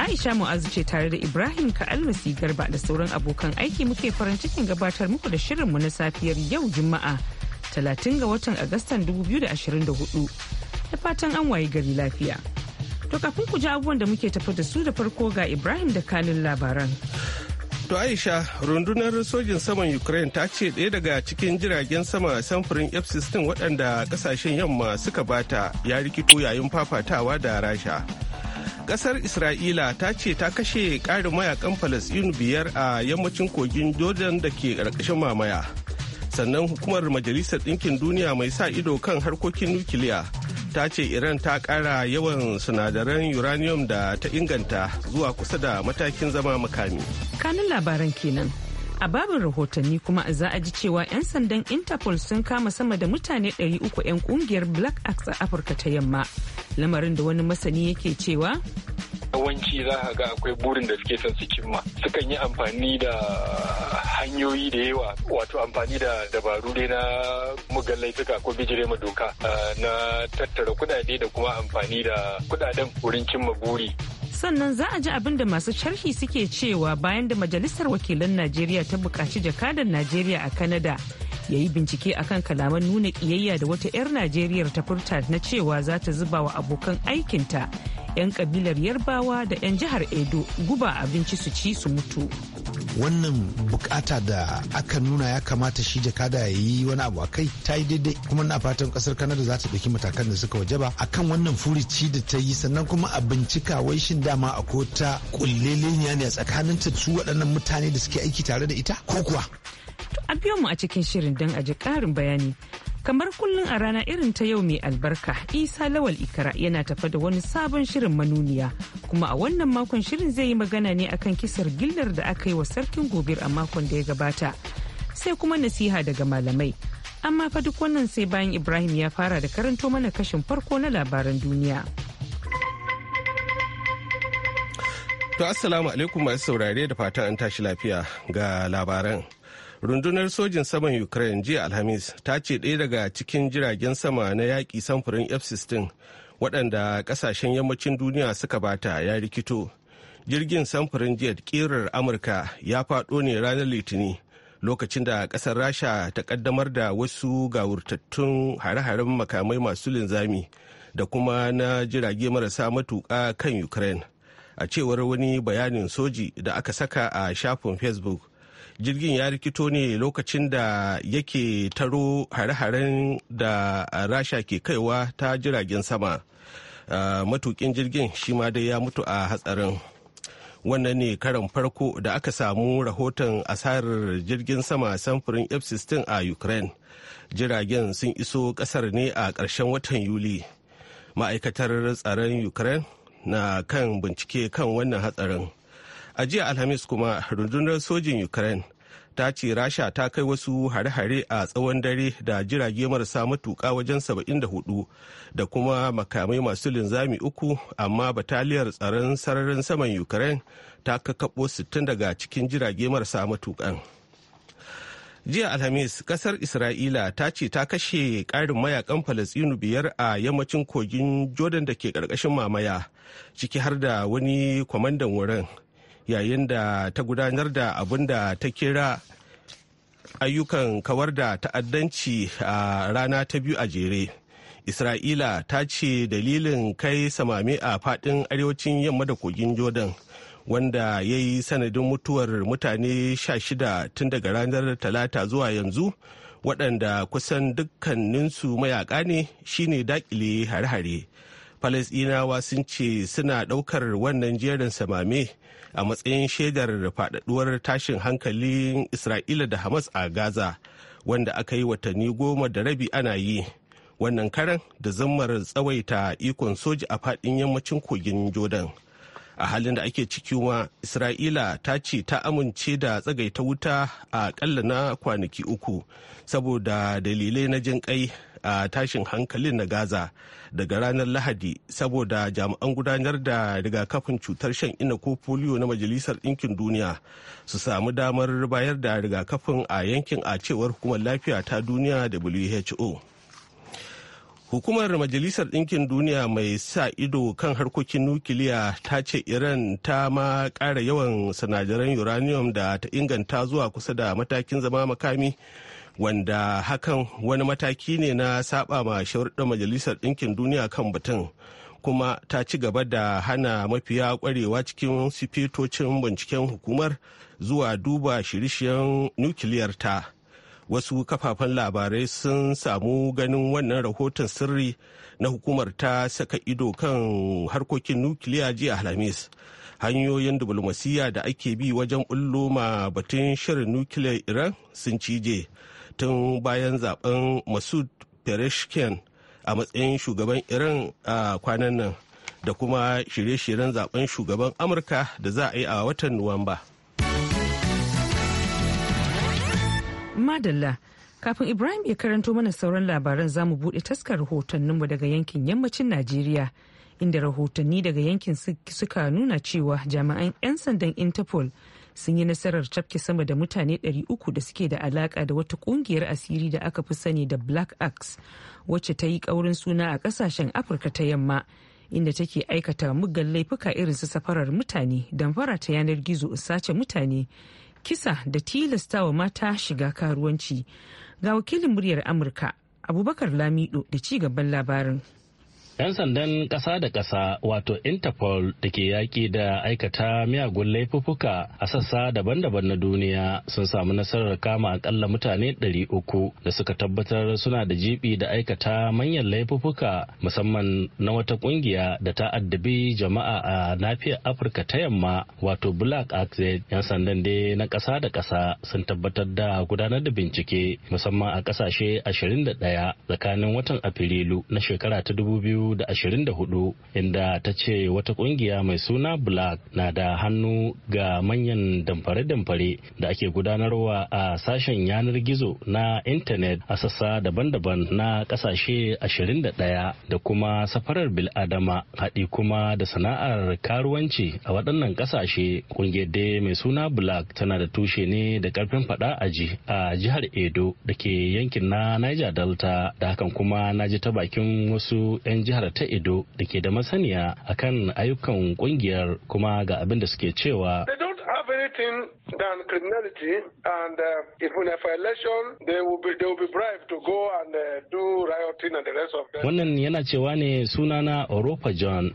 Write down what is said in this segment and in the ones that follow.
Aisha Mu'azu ce tare da Ibrahim Ka'almasi Garba da sauran abokan aiki muke farin cikin gabatar muku da shirinmu na safiyar yau Juma'a 30 ga watan Agustan 2024. Da fatan an waye gari lafiya. To kafin ku ji abubuwan da muke tafi da su da farko ga Ibrahim da kanin labaran. To Aisha, rundunar sojin saman Ukraine ta ce ɗaya daga cikin jiragen sama samfurin F-16 waɗanda ƙasashen yamma suka bata ya rikito yayin fafatawa da Rasha. kasar isra'ila ta ce ta kashe ƙarin mayakan falasɗinu biyar a yammacin kogin jordan da ke ƙarƙashin mamaya sannan hukumar majalisar ɗinkin duniya mai sa ido kan harkokin nukiliya ta ce iran ta ƙara yawan sinadaran uranium da ta inganta zuwa kusa da matakin zama makami Kanin labaran kenan A babin rahotanni kuma za a ji cewa 'yan sandan Interpol sun kama sama da mutane 300 'yan kungiyar Black Axe a Afirka ta yamma. Lamarin da wani masani yake cewa yawanci za a ga akwai burin da suke son su cimma sukan yi amfani da hanyoyi da yawa wato amfani da dabaru dai na mugallai suka ko bijire ma doka eh, na tattara kudade da kuma amfani da kudaden wurin cimma buri sannan za a ji abin da masu sharhi suke cewa bayan da majalisar wakilan najeriya ta buƙaci jakadan najeriya a kanada ya yi bincike akan kalaman nuna ƙiyayya da wata 'yar najeriyar ta furta na cewa za ta zuba wa abokan aikinta 'yan kabilar yarbawa da 'yan jihar edo guba abinci su ci su mutu wannan bukata da aka nuna ya kamata shi jakada ya yi wani abu kai ta yi daidai kuma na fatan kasar kanada za ta ɗauki matakan da suka waje ba akan wannan furici da ta yi sannan kuma a bincika wai shin dama a ko ta ne a tsakanin ta su waɗannan mutane da suke aiki tare da ita ko kuwa a biyo mu a cikin shirin don a ji ƙarin bayani Kamar kullum a rana irin ta yau mai albarka, Isa Lawal Ikara yana tafa da wani sabon shirin manuniya, kuma a wannan makon shirin zai yi magana ne akan kisar gillar da aka yi wa sarkin gobir a makon da ya gabata. Sai kuma nasiha daga malamai. Amma fa duk wannan sai bayan Ibrahim ya fara da karanto mana kashin farko na labaran duniya. To Assalamu alaikum masu saurare da fatan an tashi lafiya ga labaran. rundunar sojin saman ukraine jiya alhamis ta ce ɗaya daga cikin jiragen sama na yaƙi samfurin f-16 waɗanda ƙasashen yammacin duniya suka bata ya rikito jirgin samfurin jet ƙirar amurka ya faɗo ne ranar litini lokacin da ƙasar rasha ta ƙaddamar da wasu gawurtattun hare-haren makamai masu linzami da kuma na jirage marasa matuƙa kan ukraine a cewar wani bayanin soji da aka saka a shafin facebook jirgin ya rikito ne lokacin da yake taro hare-haren da rasha ke kaiwa ta jiragen sama matukin jirgin shi ma dai ya mutu a hatsarin wannan ne karan farko da aka samu rahoton asarar jirgin sama samfurin f-16 a ukraine jiragen sun iso kasar ne a ƙarshen watan yuli ma'aikatar tsaron ukraine na kan bincike kan wannan hatsarin a jiya alhamis kuma rundunar sojin ukraine ta ce rasha ta kai wasu hare-hare a tsawon dare da jirage marasa matuƙa wajen 74 da kuma makamai masu linzami uku amma bataliyar tsaron sararin saman ukraine ta kakabo 60 daga cikin jirage marasa matuƙan jiya alhamis kasar isra'ila ta ce ta kashe ƙarin mayakan falasinu biyar a yammacin kogin jordan da ke ƙarƙashin mamaya ciki har da wani kwamandan wurin yayin da ta gudanar da abin da ta kira ayyukan kawar da ta'addanci a rana ta biyu a jere isra'ila ta ce dalilin kai samame a fadin arewacin yamma da kogin jordan wanda ya yi sanadin mutuwar mutane sha shida tun daga ranar talata zuwa yanzu waɗanda kusan dukkaninsu mayaka ne shine dakile hare-hare falasɗinawa sun ce suna ɗaukar wannan jerin samame a matsayin shaidar faɗaɗuwar tashin hankalin isra'ila da hamas a gaza wanda aka yi watanni goma da rabi ana yi wannan karan da zammar tsawaita ikon soji a faɗin yammacin kogin jordan a halin da ake ciki ma isra'ila ta ce ta amince da tsagaita wuta a ƙalla na kwanaki uku saboda dalilai na jin kai a tashin hankalin na gaza daga ranar lahadi saboda jami'an gudanar da rigakafin cutar shan ina ko polio na majalisar ɗinkin duniya su samu damar bayar da rigakafin a yankin a cewar hukumar lafiya ta duniya who hukumar majalisar ɗinkin duniya mai sa ido kan harkokin nukiliya ta ce iran ta ma ƙara yawan sinadaran uranium da ta inganta zuwa kusa da matakin zama makami wanda hakan wani mataki ne na saba ma sharuɗin majalisar ɗinkin duniya kan batun kuma ta ci gaba da hana mafiya kwarewa cikin sifitocin binciken hukumar zuwa duba shirishiyar nukiliyar ta wasu kafafen labarai sun samu ganin wannan rahoton sirri na hukumar ta saka ido kan harkokin nukiliya jiya alhamis hanyoyin diplomasiyya da ake bi wajen bullo ma batun shirin nukiliyar iran sun cije tun bayan zaben masud pereshkin a matsayin shugaban iran a kwanan nan da kuma shirye-shiryen zaben shugaban amurka da za a yi a watan nuwamba madalla kafin ibrahim ya karanto mana sauran labaran za mu buɗe taskar rahotanninmu daga yankin yammacin najeriya inda rahotanni daga yankin suka nuna cewa jami'an 'yan sandan interpol sun yi nasarar cafke sama da mutane 300 da suke da alaka da wata kungiyar asiri da aka fi sani da black axe wacce ta yi kaurin suna a kasashen afirka ta yamma inda take aikata muggan laifuka irin su safarar mutane damfara ta yanar gizo sace mutane kisa da tilasta wa mata shiga karuwanci ga wakilin muryar amurka abubakar lamido da ci gaban labarin 'Yan sandan ƙasa da ƙasa wato Interpol da ke yaƙi da aikata miyagun laifuffuka a sassa daban-daban na duniya sun samu nasarar kama akalla mutane 300 da suka tabbatar suna da jibi da aikata manyan laifuffuka musamman na wata ƙungiya da ta addabi jama'a a nafiyar Afirka ta yamma wato Black axe 'Yan sandan dai na ƙasa da ƙasa sun tabbatar da gudanar da bincike musamman a ƙasashe 21 tsakanin watan Afrilu na shekara ta 2000 2024 inda ta ce wata kungiya mai suna black na da hannu ga manyan damfare-damfare da ake gudanarwa a sashen yanar gizo na intanet a sassa daban-daban na kasashe 21 da kuma safarar biladama haɗi kuma da sana'ar karuwanci a waɗannan kasashe kungiyar da mai suna black tana da tushe ne da karfin faɗa aji a jihar edo da ke yankin na niger delta da hakan kuma na ji ta bakin wasu 'yan jihar jihar ta Edo da ke da masaniya akan ayyukan kungiyar kuma ga abin da suke cewa. cheating than criminality, and uh, if in a violation, they will be they will be bribed to go and uh, do rioting and the rest of them. Wannan yana cewa ne sunana Oropa John.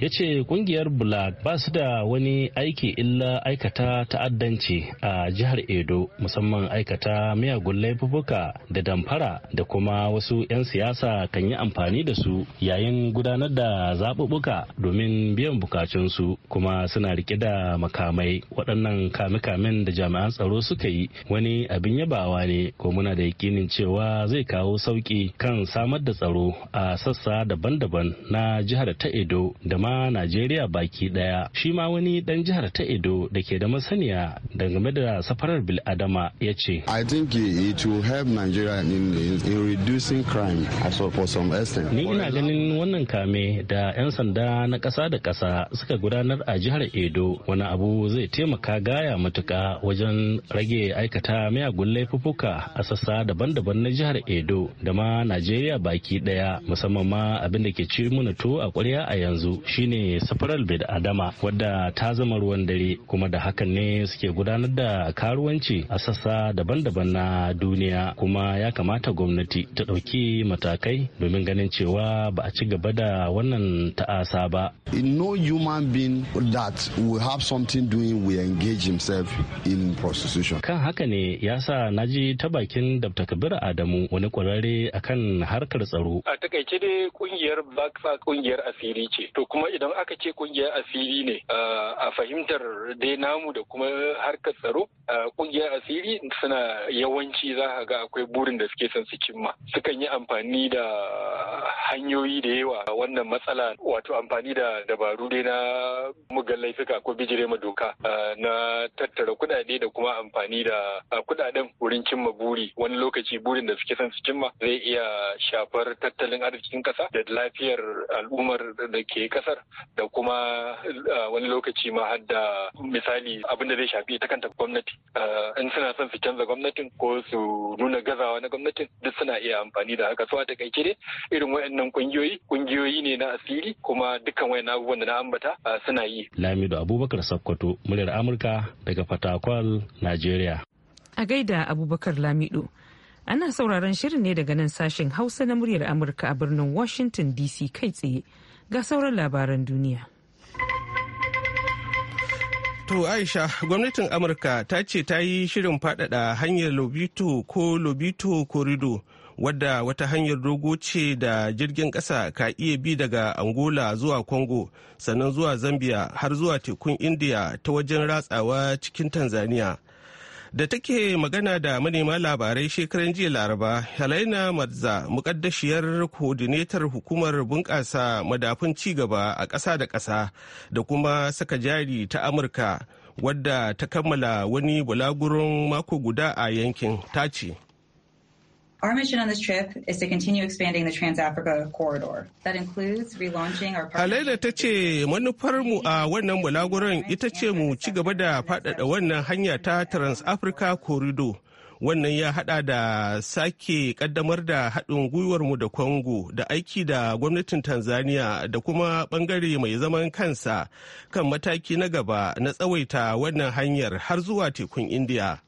ya ce kungiyar black ba su da wani aiki illa aikata ta'addanci a jihar edo musamman aikata miyagun laifuka da damfara da kuma wasu 'yan siyasa kan yi amfani da su yayin gudanar da zaɓuɓɓuka domin biyan bukatunsu kuma suna rike da makamai waɗannan kan kame-kamen da jami'an tsaro suka yi wani abin yabawa ne ko muna da yakinin cewa zai kawo sauki kan samar da tsaro a sassa daban-daban na jihar ta edo da ma najeriya baki ɗaya shi ma wani dan jihar ta edo da ke da masaniya dangane da safarar bil'adama ya ce i think it will nigeria in, in reducing crime as well for some extent ni ina ganin wannan kame da 'yan sanda na ƙasa da ƙasa suka gudanar a jihar edo wani abu zai taimaka gaya matuka wajen rage aikata miyagun laifuka a sassa daban-daban na jihar Edo da ma Najeriya baki daya musamman ma abin da ke ci mana to a ƙwarya a yanzu shine safaral bid adama wadda ta zama ruwan dare kuma da hakan ne suke gudanar da karuwanci a sassa daban-daban na duniya kuma ya kamata gwamnati ta ɗauki matakai domin ganin cewa ba a ci gaba da wannan ta'asa ba. no human being that will have something doing engage engage himself in prostitution. Kan haka ne ya sa na ji ta bakin Dr. Kabir Adamu wani kwararre akan harkar tsaro. A takaice dai kungiyar Bakfa kungiyar asiri ce. To kuma idan aka ce kungiyar asiri ne a fahimtar dai namu da kuma harkar tsaro kungiyar asiri suna yawanci za ka ga akwai burin da suke son su cimma. Sukan yi amfani da hanyoyi da yawa wannan matsala wato amfani da dabaru dai na mugallai laifuka ko bijire ma doka na tattara kudade da kuma amfani da kudaden. wurin cimma buri wani lokaci burin da suke son su cimma zai iya shafar tattalin arzikin kasa da lafiyar al'ummar da ke kasar da kuma wani lokaci ma har da misali abin da zai shafi ta kanta gwamnati in suna son su canza gwamnatin ko su nuna gazawa na gwamnatin duk suna iya amfani da haka Suwa a takaice dai irin wayannan kungiyoyi kungiyoyi ne na asiri kuma dukkan wayannan abubuwan da na ambata suna yi lamido abubakar sakkwato muryar amurka Amurka daga Fatakwal, Najeriya. A gaida Abubakar Lamido. Ana sauraron shirin ne daga nan sashen Hausa na muryar Amurka a birnin Washington DC kai tsaye ga sauran labaran duniya. To Aisha, gwamnatin Amurka ta ce ta yi shirin faɗaɗa hanyar Lobito ko Lobito Corridor. wadda wata hanyar dogo ce da jirgin ƙasa ka iya bi daga angola zuwa congo sannan zuwa zambia har zuwa tekun india ta wajen ratsawa cikin tanzania da take magana da manema labarai shekaran jiya laraba helena marza mukaddashiyar kodinetar hukumar bunƙasa madafun ci gaba a ƙasa da ƙasa da kuma saka jari ta amurka wadda ta kammala wani bulaguron mako guda a yankin ta ce Our mission on this trip is to continue expanding the Trans-Africa corridor. That includes relaunching our Halaila ta ce manufarmu a wannan bulaguron ita ce mu ci gaba da faɗaɗa wannan hanya ta Trans-Africa corridor. Wannan ya hada da sake kaddamar da haɗin gwiwarmu da Congo da aiki da gwamnatin Tanzania da kuma ɓangare mai zaman kansa kan mataki na gaba na tsawaita wannan hanyar har zuwa tekun India.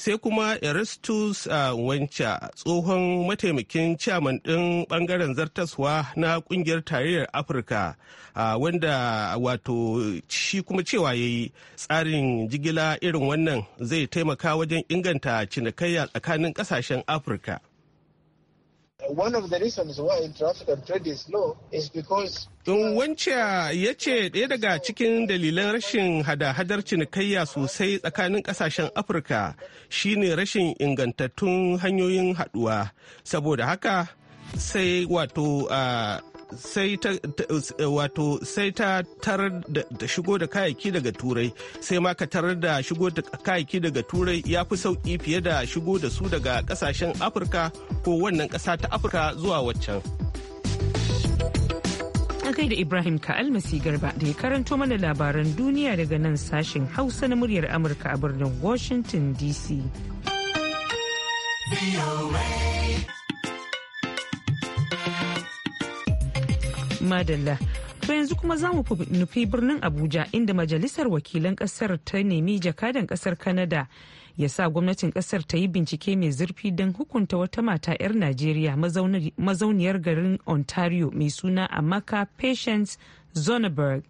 sai kuma Erastus uh, Wancha tsohon mataimakin ciyaman ɗin ɓangaren zartaswa na ƙungiyar tarayyar Afirka uh, wanda wato shi kuma cewa ya yi tsarin jigila irin wannan zai taimaka wajen inganta cinikayya tsakanin ƙasashen Afirka. one of the reasons why traffic and trade is low is because Wanca ya ce ɗaya daga cikin dalilan rashin hada-hadar cinikayya sosai tsakanin ƙasashen Afirka shine rashin ingantattun hanyoyin haɗuwa. Saboda haka sai wato ah, sai ta eh, wato sai ta tarar da shigo da kayayyaki daga turai sai ma ka tarar da shigo da kayayyaki daga turai ya fi sauki fiye da shigo da su daga kasashen afirka ko wannan kasa ta afirka zuwa waccan kai da Ibrahim ka almasi Garba da ya karanto mana labaran duniya daga nan sashen Hausa na muryar Amurka a birnin Washington DC. Madalla. To yanzu kuma za mu nufi birnin Abuja inda Majalisar Wakilan Kasar ta nemi jakadan kasar Kanada ya sa gwamnatin kasar ta yi bincike mai zurfi don hukunta wata mata 'yar Najeriya mazauniyar garin Ontario mai suna Amaka Patience Zonneberg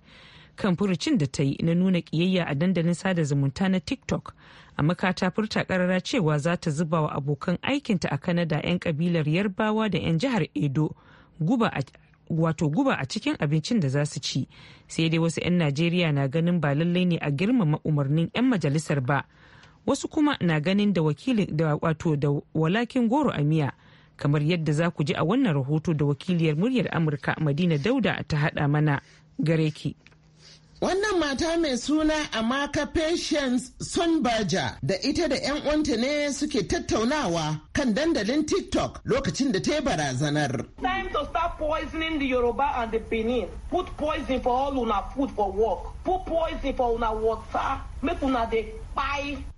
kan furucin da ta yi na nuna kiyayya a dandalin sada zumunta na TikTok. Amaka ta furta karara cewa za ta zuba wa abokan aikinta a Kanada 'yan kabilar Yarbawa da 'yan jihar Edo. guba wato guba a cikin abincin da za su ci sai dai wasu 'yan najeriya na ganin ba lallai ne a girmama umarnin 'yan majalisar ba wasu kuma na ganin da wakili da wato da walakin goro a miya kamar yadda za ku ji a wannan rahoto da wakiliyar muryar amurka madina dauda ta haɗa mana gare ki. Wannan mata mai suna Amaka Patience Sunbaja da ita da 'yan uwanta ne suke tattaunawa kan dandalin TikTok lokacin da ta yi barazanar. Time to start poisoning the Yoruba and Benin. Put poison for all una food for work. Put poison for una water. Make una dey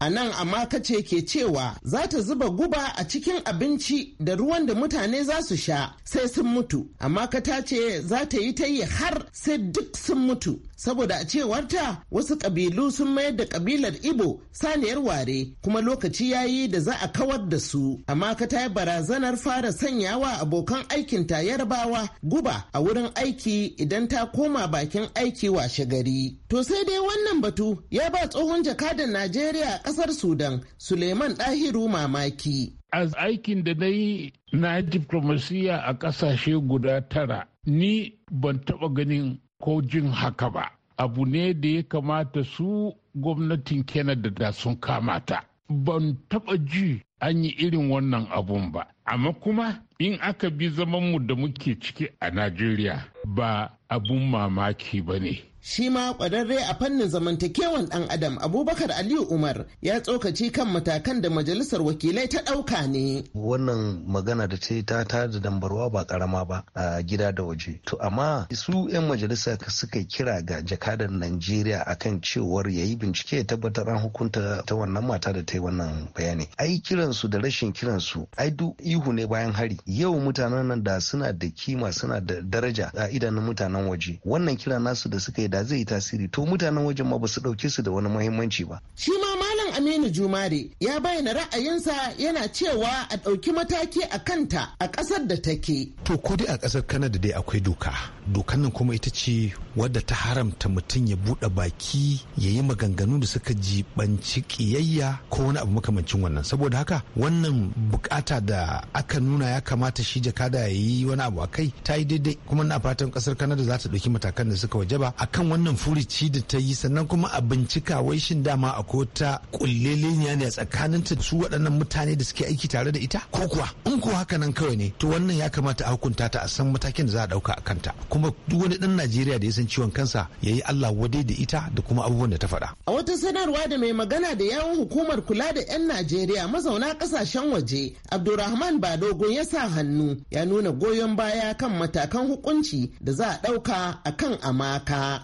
A nan Amaka ce ke cewa za ta zuba guba a cikin abinci da ruwan da mutane za su sha sai sun mutu. Amaka ta ce za ta yi ta yi har sai duk sun mutu. saboda a cewarta wasu ƙabilu sun mayar da ƙabilar Ibo saniyar ware kuma lokaci ya yi da za a kawar da su. Amma ka ta barazanar fara sanyawa abokan aikin ta yarbawa guba a wurin aiki idan ta koma bakin aiki washe gari. To sai dai wannan batu ya ba tsohon jakadan Najeriya a kasar Sudan Suleiman ɗahiru mamaki. A aikin da na yi na diplomasiya a ƙasashe guda tara, ni ban taɓa ganin ko jin haka ba abu ne da ya kamata su gwamnatin canada da sun kamata ban taba ji an yi irin wannan abun ba amma kuma in aka bi zaman mu da muke ciki a najeriya ba abun mamaki ba ne shi ma kwararre a fannin zamantakewan ɗan adam abubakar aliyu umar ya tsokaci kan matakan da majalisar wakilai ta ɗauka ne wannan magana da ce ta da dambarwa ba ƙarama ba a gida da waje to amma su 'yan majalisa suka kira ga jakadan najeriya akan cewar ya yi bincike ya tabbatar an hukunta ta wannan mata da ta yi wannan bayani ai kiransu da rashin kiransu ai duk ihu ne bayan hari yau mutanen nan da suna da kima suna da daraja a idanun mutanen waje wannan kira nasu da suka yi da zai yi tasiri to mutanen wajen ma ba su dauke su da wani muhimmanci ba. shi ma Aminu Jumare ya bayyana ra'ayinsa yana cewa a ɗauki mataki a kanta a ƙasar da take. To ko dai a ƙasar Kanada dai akwai doka. Dokan nan kuma ita ce wadda ta haramta mutum ya buɗe baki ya yi maganganu da suka jibanci ƙiyayya ko wani abu makamancin wannan. Saboda haka wannan bukata da aka nuna ya kamata shi jakada ya yi wani abu a kai ta yi daidai kuma na fatan ƙasar Kanada za ta ɗauki matakan da suka waje wajaba akan wannan furici da ta yi sannan kuma a bincika wai shin dama akwai ta kulleleniya ne tsakanin ta su waɗannan mutane da suke aiki tare da ita ko kuwa in ko haka nan kawai ne to wannan ya kamata a hukunta ta a san matakin da za a ɗauka a kanta kuma duk wani ɗan Najeriya da ya san ciwon kansa ya yi Allah wade da ita da kuma abubuwan da ta faɗa. A wata sanarwa da mai magana da yawun hukumar kula da 'yan Najeriya mazauna ƙasashen waje Abdulrahman Badogo ya sa hannu ya nuna goyon baya kan matakan hukunci da za a ɗauka a kan amaka.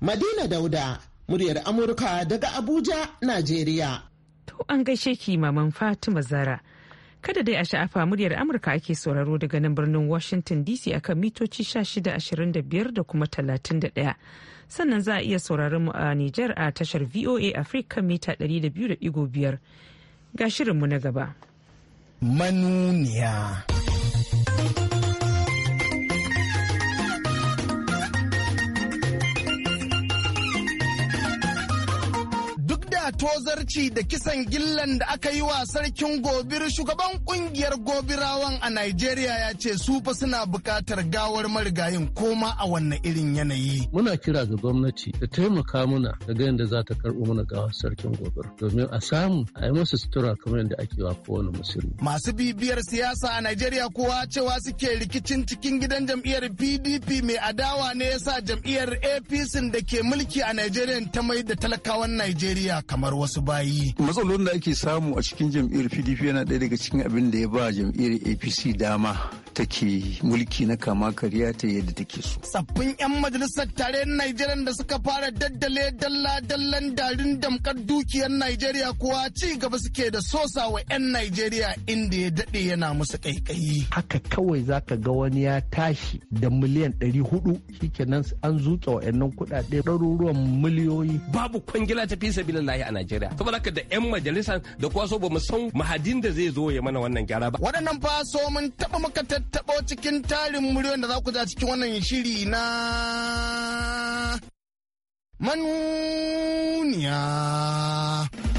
Madina Dauda muryar Amurka daga Abuja, Najeriya. To an gaishe ki maman Fatima Zara. Kada dai a sha'afa muryar Amurka ake sauraro daga nan birnin Washington DC akan mitoci 1625 da kuma 31. Sannan za a iya sauraron mu a Nijar a tashar VOA Africa mita 200.5. Ga shirinmu na gaba. Manuniya. nuna tozarci da kisan gillan da aka yi wa sarkin gobir shugaban kungiyar gobirawan a Najeriya ya ce su fa suna bukatar gawar marigayin koma a wannan irin yanayi. Muna kira ga gwamnati ta taimaka muna ganin da za ta karɓo mana gawar sarkin gobir domin a samu a yi masa sutura kamar yadda ake wa kowane musulmi. Masu bibiyar siyasa a Najeriya kowa cewa suke rikicin cikin gidan jam'iyyar PDP mai adawa ne yasa jam'iyyar APC da ke mulki a Najeriya ta mai da talakawan Najeriya kamar wasu bayi. Matsalolin da ake samu a cikin jam'iyyar PDP yana ɗaya daga cikin abin da ya ba jam'iyyar APC dama take mulki na kama kariya ta yadda take so. Sabbin 'yan majalisar tarayyar Najeriya da suka fara daddale dalla-dallan darin damkar dukiyar Najeriya kuwa ci gaba suke da sosa wa 'yan Najeriya inda ya daɗe yana musu ƙaiƙayi. Haka kawai za ka ga wani ya tashi da miliyan ɗari hudu nan an zuƙe wa 'yan kuɗaɗe ɗaruruwan miliyoyi. Babu kwangila ta fi sabilillahi a Najeriya. Saboda haka da 'yan majalisa da kuwa so ba mu san mahadin da zai zo ya mana wannan gyara ba. Waɗannan fa so mun taɓa makatar taɓo cikin tarin muryar da za ku za cikin wannan shiri na manuniya.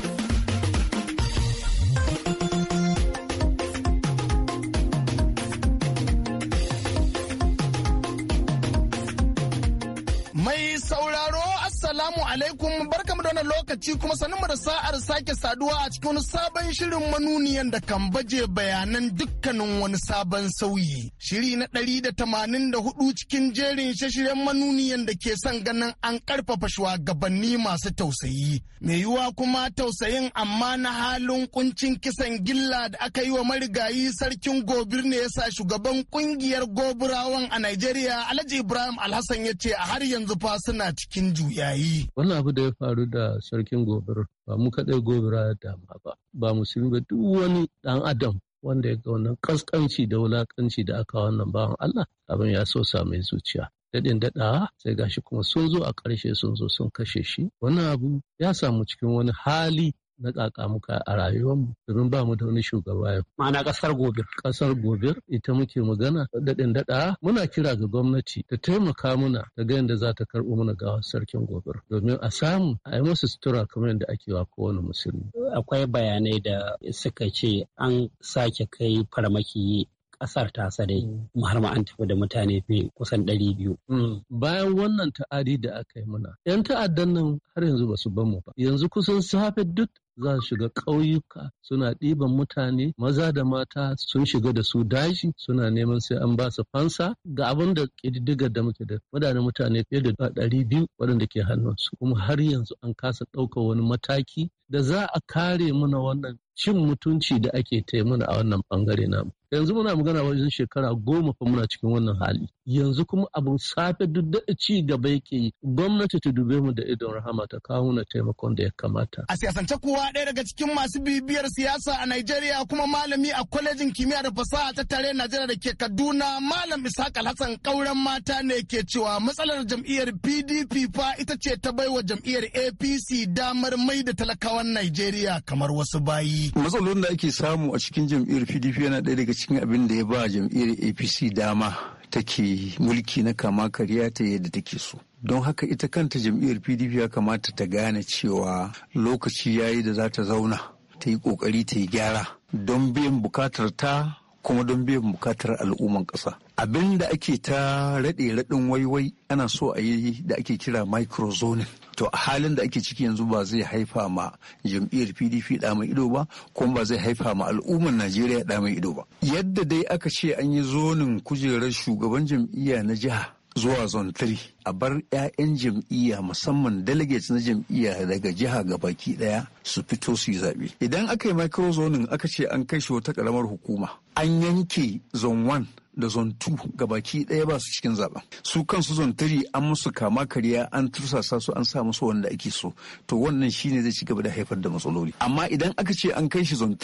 lokaci kuma sanin mu da sa'ar sake saduwa a cikin sabon shirin manuniyan da kan baje bayanan dukkanin wani sabon sauyi. Shiri na ɗari da tamanin da hudu cikin jerin shashiren manuniyan da ke son ganin an ƙarfafa shugabanni masu tausayi. Mai yiwuwa kuma tausayin amma na halin kuncin kisan gilla da aka yi wa marigayi sarkin gobir ne ya sa shugaban ƙungiyar goburawan a Najeriya Alhaji Ibrahim Alhassan ya ce a har yanzu fa suna cikin juyayi. Wannan abu da ya faru da sarkin gobir ba mu kaɗai gobira dama ba ba musulmi ba duk wani ɗan adam wanda ya ga wannan ƙasƙanci da wulaƙanci da aka wannan bawan Allah abin ya so mai zuciya daɗin daɗawa sai gashi kuma sun zo a ƙarshe sun zo sun kashe shi wannan abu ya samu cikin wani hali na kakamuka a rayuwar rayuwarmu domin ba mu da wani shugaba yau. Ma'ana kasar gobir. Kasar gobir ita muke magana daɗin daɗa muna kira ga gwamnati ta taimaka muna ta ga yadda za ta karɓo mana gawa sarkin gobe. domin a samu a yi musu sutura kamar yadda ake wa kowane musulmi. Akwai bayanai da suka ce an sake kai farmaki kasar ta sadai mm. har ma an tafi da mutane fiye kusan ɗari biyu. Mm. Bayan wannan ta'adi da aka yi muna, 'yan ta'addan nan har yanzu ba su mu ba. Yanzu kusan safe duk za su shiga ƙauyuka suna ɗiban mutane maza da mata sun shiga da su daji suna neman sai an ba su fansa ga abin da ƙididdigar da muke da mutane mutane fiye da ɗari biyu waɗanda ke hannunsu kuma har yanzu an kasa ɗaukar wani mataki da za a kare mana wannan cin mutunci da ake ta muna a wannan bangare namu. yanzu muna magana wajen shekara goma fa muna cikin wannan hali yanzu kuma abu safe duk da ci gaba yake yi gwamnati ta dube mu da idon rahama ta kawo na taimakon da ya kamata a siyasance kowa ɗaya daga cikin masu bibiyar siyasa a Najeriya kuma malami a kwalejin kimiyya da fasaha ta tare Najeriya da ke Kaduna malam Isaac Alhassan kauren mata ne ke cewa matsalar jam'iyyar PDP fa ita ce ta baiwa jam'iyyar APC damar mai da talakawan Najeriya kamar wasu bayi matsalolin da ake samu a cikin jam'iyyar PDP yana ɗaya daga cikin abin da ya ba jam'iyyar apc dama take mulki na kama kariya ta yadda take so don haka ita kanta jam'iyyar pdp ya kamata ta gane cewa lokaci ya yi da za ta zauna ta yi kokari ta yi gyara don biyan bukatar ta kuma don biyan bukatar al'umman ƙasa. Abin da ake ta raɗe raɗin waiwai ana so a yi da ake kira microzoning to a halin da ake ciki yanzu ba zai haifa ma jam'iyyar pdp da mai ido ba kuma ba zai haifa ma al'ummar najeriya da mai ido ba yadda dai aka ce an yi zonin kujerar shugaban jam'iyya na jiha zuwa zone 3 a bar 'ya'yan jam'iyya musamman delegates na jam'iyya daga jiha ga baki daya su fito su yi zaɓe idan aka yi microzoning aka ce an kai shi wata ƙaramar hukuma an yanke zone 1 da zone ga baki ɗaya ba su cikin zaben su kansu zone 3 an musu kama kariya an tursasa su an sa musu wanda ake so to wannan shine zai ci gaba da haifar da matsaloli amma idan aka ce an kai shi zone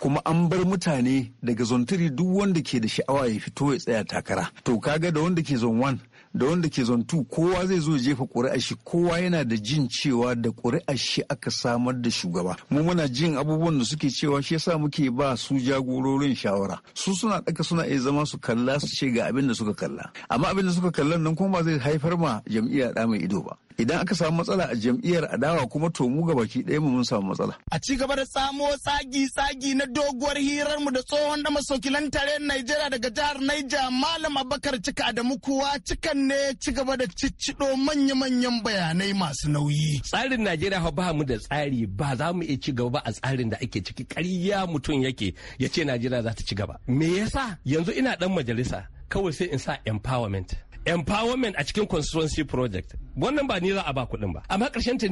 kuma an bar mutane daga zontiri duk wanda ke da sha'awa ya fito ya tsaya takara to kaga da wanda ke zon da wanda ke zantu kowa zai zo jefa ƙuri'ar shi kowa yana da jin cewa da ƙuri'ar shi aka samar da shugaba mu muna jin abubuwan da suke cewa shi yasa muke ba su jagororin shawara su suna ɗaka suna iya zama su kalla su ce ga abin da suka kalla amma abin da suka kalla nan kuma ba zai haifar ma jam'iyya ɗa mai ido ba idan aka samu matsala a jam'iyyar adawa kuma to mu gabaki ɗaya mu mun samu matsala. A ci gaba da samo tsagi-tsagi na doguwar hirar mu da tsohon da masokilan tare Najeriya daga jihar Niger Malam abubakar Cika Adamu kuwa cikan Hakan ne ya ci gaba da ciccido manya-manyan bayanai masu nauyi. Tsarin Najeriya ba mu da tsari ba za mu iya ci gaba a tsarin da ake ciki ƙarya mutum yake ya ce Najeriya za ta ci gaba. Me yasa yanzu ina ɗan majalisa kawai sai in sa empowerment. empowerment a cikin constituency project wannan ba ni za a ba kuɗin ba amma ƙarshen ta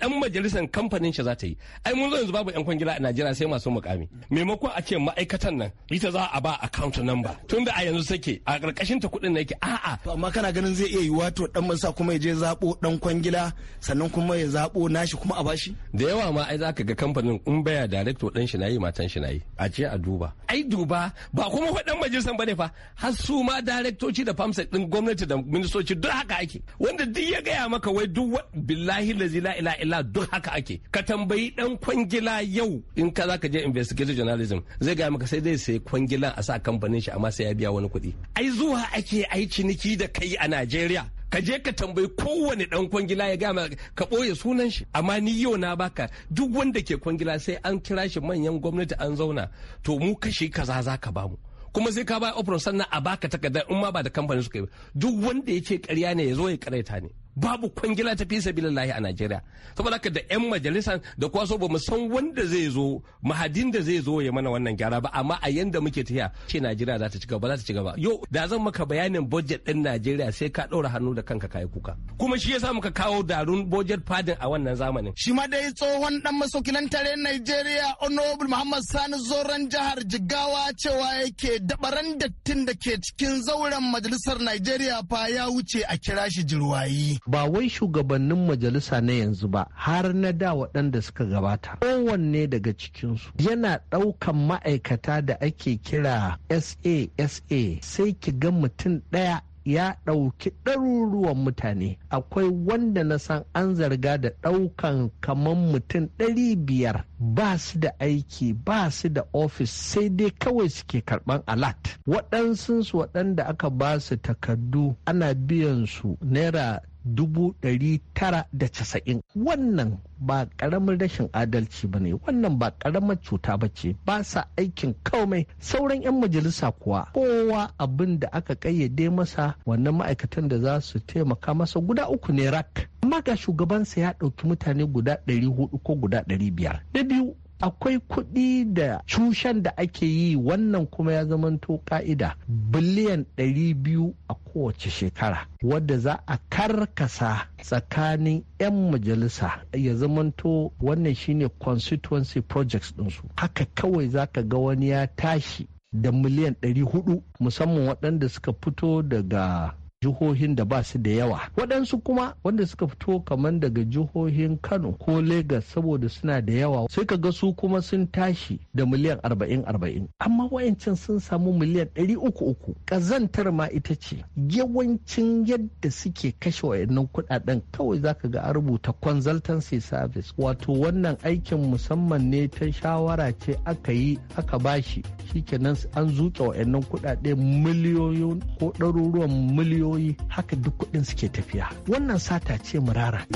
dan majalisar kamfanin shi za ta yi ai mun zo yanzu babu yan kwangila a Najeriya sai masu mukami maimakon a ce ma'aikatan nan ita za a ba account number tunda a yanzu sake a ƙarƙashin ta kuɗin na yake a'a to amma kana ganin zai iya yiwa to dan sa kuma ya je zabo dan kwangila sannan kuma ya zabo nashi kuma a bashi da yawa ma ai zaka ga kamfanin in baya director dan shi nayi matan shi nayi a ce a duba ai duba ba kuma fa dan majalisar bane fa har su ma directoci da famsa din gwamnati gwamnati da ministoci duk haka ake wanda duk ya gaya maka wai duk billahi lazi la ila ila duk haka ake ka tambayi dan kwangila yau in ka za ka je investigative journalism zai gaya maka sai zai sai kwangila a sa kamfanin shi amma sai ya biya wani kuɗi ai zuwa ake ai ciniki da kai a Najeriya ka je ka tambayi kowane dan kwangila ya gama ka ɓoye sunan shi amma ni yau na baka duk wanda ke kwangila sai an kira shi manyan gwamnati an zauna to mu kashi kaza za ka bamu kuma sai ka bayar ofron sannan a baka takardar in ma ba da kamfanin suka ba duk wanda ya ce karya ne ya zo ya karaita ne babu kwangila ta fisa fi lahi a Najeriya saboda haka da yan majalisa da kwaso ba bamu san wanda zai zo mahadin da zai zo ya mana wannan gyara ba amma a yanda muke tafiya ce Najeriya za ta ci gaba za ta ci gaba yo da zan maka bayanin budget din Najeriya sai ka ɗora hannu da kanka kayi kuka kuma shi yasa muka kawo darun budget fadin a wannan zamanin shi ma dai tsohon dan masokilan tare Najeriya Honorable Muhammad Sani Zoran jihar Jigawa cewa yake dabaran dattin da ke cikin zauren majalisar Najeriya fa ya wuce a kira shi jirwayi ba wai shugabannin majalisa na yanzu ba har na da waɗanda suka gabata kowanne daga cikinsu yana ɗaukan ma'aikata da ake kira sasa sai ki ga mutum ɗaya ya ɗauki ɗaruruwan mutane akwai wanda na san an zarga da ɗaukan kamar mutum ɗari biyar ba su da aiki ba su da ofis sai dai kawai suke karɓan alat waɗansu waɗanda aka ba su takardu ana biyan su naira casa'in. wannan ba karamin rashin adalci ba ne wannan ba karamar cuta ba ce ba sa aikin komai sauran 'yan majalisa kuwa kowa abin da aka kayyade masa wannan ma'aikatan da za su taimaka masa guda uku ne rak amma ga shugabansa ya ɗauki mutane guda 400 ko guda 500 na biyu akwai kuɗi da cushen da ake yi wannan kuma ya zamanto ka'ida biliyan 200 a kowace shekara wadda za a karkasa tsakanin 'yan majalisa ya zamanto wannan shine constituency projects ɗinsu haka kawai za ka ga wani ya tashi da miliyan 400 musamman waɗanda suka fito daga jihohin da ba su da yawa waɗansu kuma wanda suka fito kamar daga jihohin kano ko Legas saboda suna da yawa sai ka ga su kuma sun tashi da miliyan arba'in arba'in amma wayancin sun samu miliyan ɗari uku uku ƙazantar ma ita ce yawancin yadda suke kashe wayannan kuɗaɗen kawai za ka ga a rubuta consultancy service wato wannan aikin musamman ne ta shawara ce aka yi aka bashi shi kenan an zuke wayannan kuɗaɗe miliyoyin ko ɗaruruwan miliyoyin miliyoyi haka duk kuɗin suke tafiya wannan sata ce murara.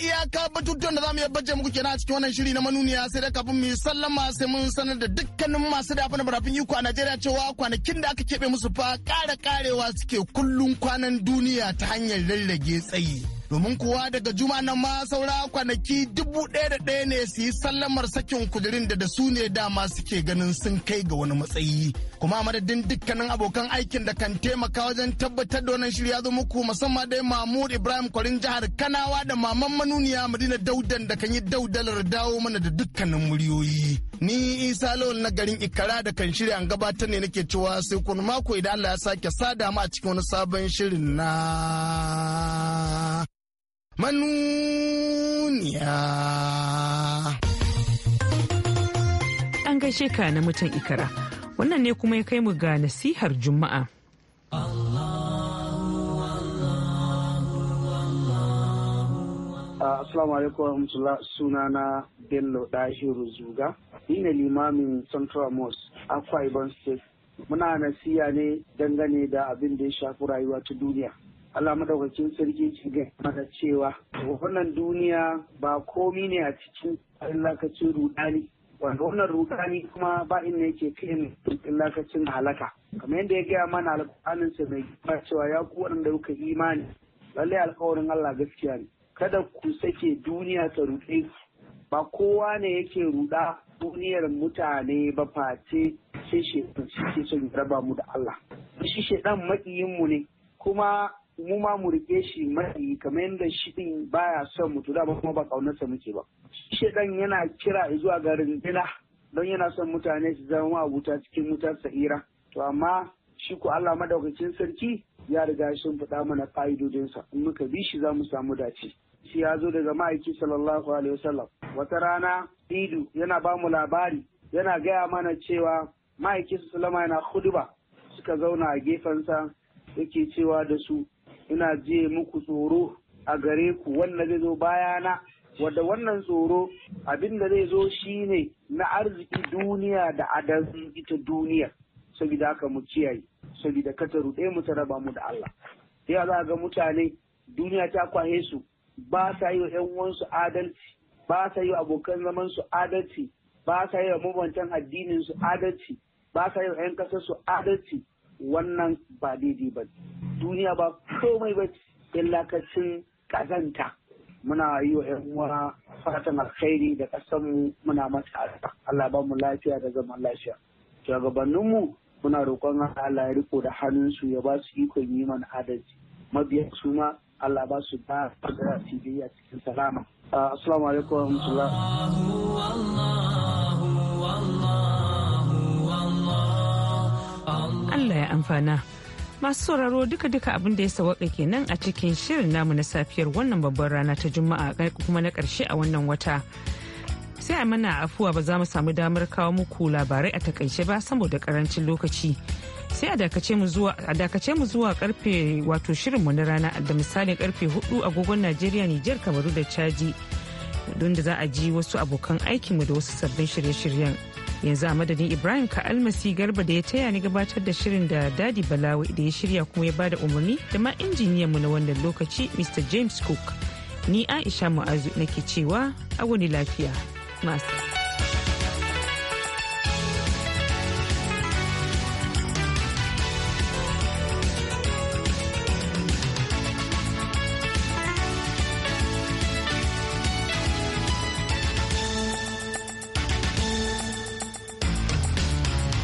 iyaka batutuwan da za mu muku kenan a cikin wannan shiri na manuniya sai dai kafin mu yi sallama sai mun sanar da dukkanin masu dafa na barafin iko a Najeriya cewa kwanakin da aka keɓe musu fa ƙara ƙarewa suke kullun kwanan duniya ta hanyar rarrage tsayi. domin kuwa daga juma nan ma saura kwanaki dubu ɗaya da ɗaya ne su yi sallamar sakin kujerun da da su ne dama suke ganin sun kai ga wani matsayi kuma madadin dukkanin abokan aikin da kan taimaka wajen tabbatar da wannan shirya zo muku musamman dai mahmud ibrahim kwarin jihar kanawa da maman manuniya madina daudan da kan yi daudalar dawo mana da dukkanin muryoyi ni isa lawal na garin ikara da kan shirya an gabatar ne nake cewa sai kun mako idan allah ya sake sada mu a cikin wani sabon shirin na manuniya. An gaishe ka na mutan ikara, wannan ne kuma ya kai mu ga nasihar Juma'a. Ah, assalamu alaikum suna sunana Bello Dahiru Zuga, ni ne limamin Central Mosque, Akwa Ibom State. Muna nasiya ne dangane da abin da ya shafi rayuwa ta duniya. Allah madaukakin sarki ce ga mana cewa wannan duniya ba komi ne a cikin lakacin rudani wanda wannan rudani kuma ba inda yake kai lakacin halaka kamar yadda ya gaya mana alƙawarin sa mai ba cewa ya ku wanda kuka imani lalle alƙawarin Allah gaskiya ne kada ku sake duniya ta ruɗe ba kowa ne yake ruɗa duniyar mutane ba face sai shi ke son raba mu da Allah shi shedan makiyin mu ne kuma mu ma mu rike shi mai kamar yadda shi din baya son mutu da kuma ba kaunarsa muke ba shi dan yana kira zuwa ga rindina don yana son mutane su zama wuta cikin wutar sa'ira to amma shi ko Allah madaukakin sarki ya riga sun fada mana fa'idodinsa in muka bi shi za mu samu dace shi ya zo daga ma'aiki sallallahu alaihi wasallam wata rana idu yana ba mu labari yana gaya mana cewa ma'aikinsa sallama yana huduba suka zauna a gefensa yake cewa da su suna je muku tsoro a gare ku wanda zai zo bayana wadda wannan tsoro abin da zai zo shi ne na arziki duniya da adalci ita duniya saboda aka mu ciyayi saboda kata ruɗe mu ta raba mu da Allah sai za ga mutane duniya ta kwahe su ba sa yi wa ƴan uwansu adalci ba sa yi wa abokan zaman su adalci ba sa yi wa mabantan addinin su adalci ba sa yi wa ƴan kasar su adalci wannan ba daidai ba duniya ba komai ba illakacin kazanta muna yi wa ‘yan uwa fatan alkhairi da ƙasar muna mata Allah ba mu lafiya da zaman lafiya. Shugabanninmu muna roƙon Allah ya riko da hannunsu ya ba su ikon yi mana adalci. Mabiya su ma Allah ba su ba yi a cikin salama. Assalamu alaikum wa Allah ya amfana. Masu sauraro duka-duka abin da ya sawaka kenan a cikin shirin namu na safiyar wannan babbar rana ta Juma'a kuma na ƙarshe a wannan wata. Sai a mana afuwa ba za mu samu damar kawo muku labarai a takaice ba saboda karancin lokaci. Sai a dakace mu zuwa karfe wato mu na rana da misalin karfe hudu agogon Najeriya, Nijar, Kamaru da Chadi. Don za a ji wasu abokan aikinmu da wasu sabbin shirye-shiryen. yanzu a madadin ibrahim ka almasi garba da ya taya ni gabatar da shirin da dadi balawi da ya shirya kuma ya bada umarni da ma injiniyanmu na wannan lokaci mr james cook ni aisha mu'azu nake cewa a wani lafiya masu